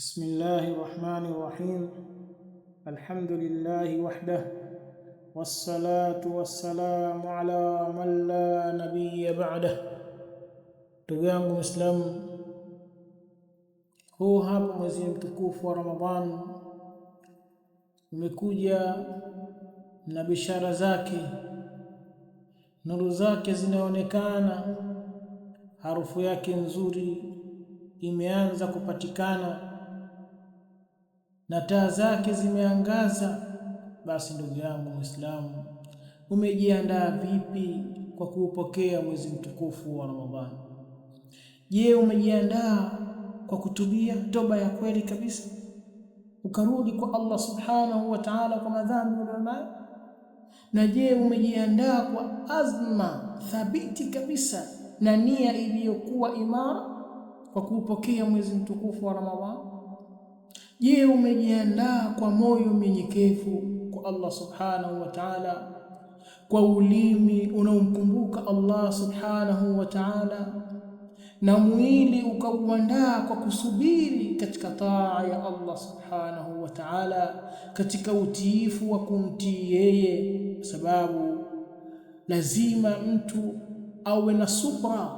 بسم الله الرحمن الرحيم الحمد لله وحده والصلاة والسلام على من لا نبي بعده. Ndugu yangu Mwislamu, huu hapa mwezi mtukufu wa Ramadhani umekuja na bishara zake, nuru zake zinaonekana, harufu yake nzuri imeanza kupatikana na taa zake zimeangaza, basi ndugu yangu Muislamu, umejiandaa vipi kwa kuupokea mwezi mtukufu wa Ramadhani? Je, umejiandaa kwa kutubia toba ya kweli kabisa, ukarudi kwa Allah subhanahu wa ta'ala kwa madhambi ulionayo? Na je, umejiandaa kwa azma thabiti kabisa na nia iliyokuwa imara kwa kuupokea mwezi mtukufu wa Ramadhani? Je, umejiandaa kwa moyo mnyenyekevu kwa Allah subhanahu wa ta'ala, kwa ulimi unaomkumbuka Allah subhanahu wa ta'ala, na mwili ukauandaa kwa kusubiri katika taa ya Allah subhanahu wa ta'ala, katika utiifu wa kumtii yeye, kwa sababu lazima mtu awe na subra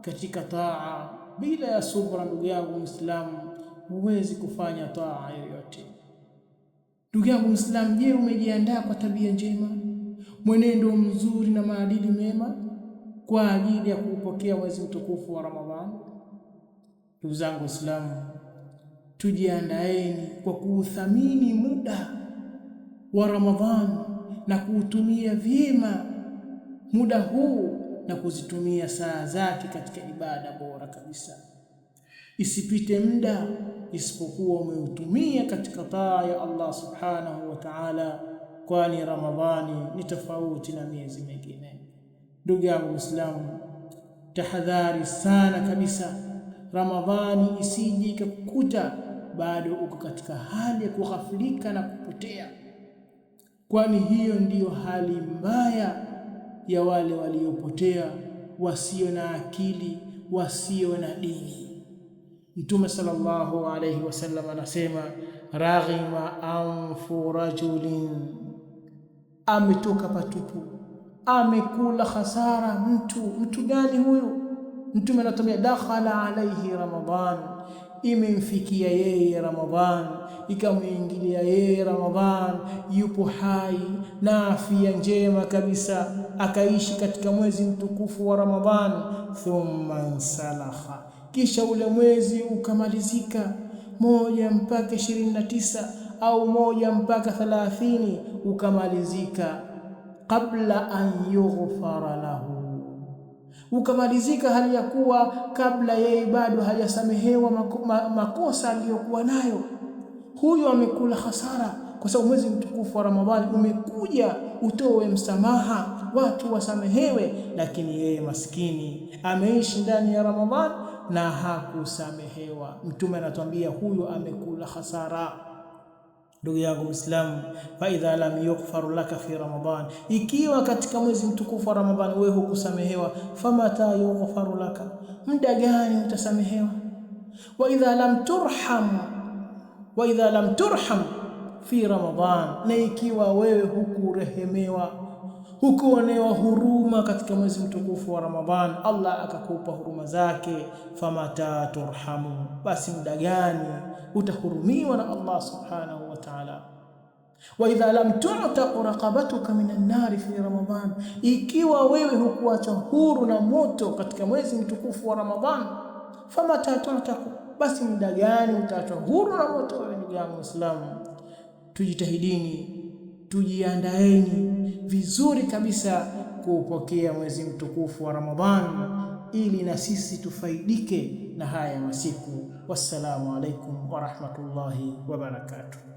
katika taa. Bila ya subra, ndugu yangu Muislamu huwezi kufanya taa yoyote. Ndugu yangu Mwislamu, je, umejiandaa kwa tabia njema, mwenendo mzuri na maadili mema kwa ajili ya kuupokea mwezi mtukufu wa Ramadhani? Ndugu zangu Waislamu, tujiandaeni kwa kuuthamini muda wa Ramadhani na kuutumia vyema muda huu na kuzitumia saa zake katika ibada bora kabisa. Isipite muda isipokuwa umeutumia katika taa ya Allah subhanahu wa ta'ala, kwani Ramadhani ni tofauti na miezi mingine. Ndugu yangu Muislamu, tahadhari sana kabisa, Ramadhani isije ikakukuta bado uko katika hali ya kughafilika na kupotea, kwani hiyo ndiyo hali mbaya ya wale waliopotea, wasio na akili, wasio na dini. Mtume sallallahu alayhi wasallam anasema raghima anfu rajulin, ametoka patupu, amekula khasara mtu. Mtu gani huyu? Mtume anatuambia dakhala alayhi ramadan imemfikia yeye Ramadhan, ikamwingilia yeye Ramadhan, yupo hai na afya njema kabisa, akaishi katika mwezi mtukufu wa Ramadhan. Thumma nsalakha kisha ule mwezi ukamalizika moja mpaka ishirini na tisa au moja mpaka thalathini ukamalizika, qabla an yughfara lahu, ukamalizika hali ya kuwa kabla yeye bado hajasamehewa makosa aliyokuwa nayo. Huyo amekula hasara, kwa sababu mwezi mtukufu wa Ramadhani umekuja utoe msamaha, watu wasamehewe, lakini yeye maskini ameishi ndani ya Ramadhani na hakusamehewa. Mtume anatuambia huyu amekula hasara. Ndugu yangu Muislamu, fa idha lam yughfar laka fi Ramadan, ikiwa katika mwezi mtukufu wa Ramadhani wewe hukusamehewa, famata yughfaru laka, muda gani utasamehewa? Wa idha lam turham, wa idha lam turham fi Ramadan, na ikiwa wewe hukurehemewa hukuonewa huruma katika mwezi mtukufu wa ramadhan Allah akakupa huruma zake. famata turhamu, basi muda gani utahurumiwa na Allah subhanahu wa ta'ala. wa idha lam tu'taq raqabatuka minan nari fi Ramadhan, ikiwa wewe hukuacha huru na moto katika mwezi mtukufu wa ramadhan famata tu'taq, basi muda gani utaachwa huru na moto? Wewe ndugu yangu Muislamu, tujitahidini tujiandaeni vizuri kabisa kuupokea mwezi mtukufu wa Ramadhani ili na sisi tufaidike na haya masiku. Wassalamu alaikum warahmatullahi wabarakatuh.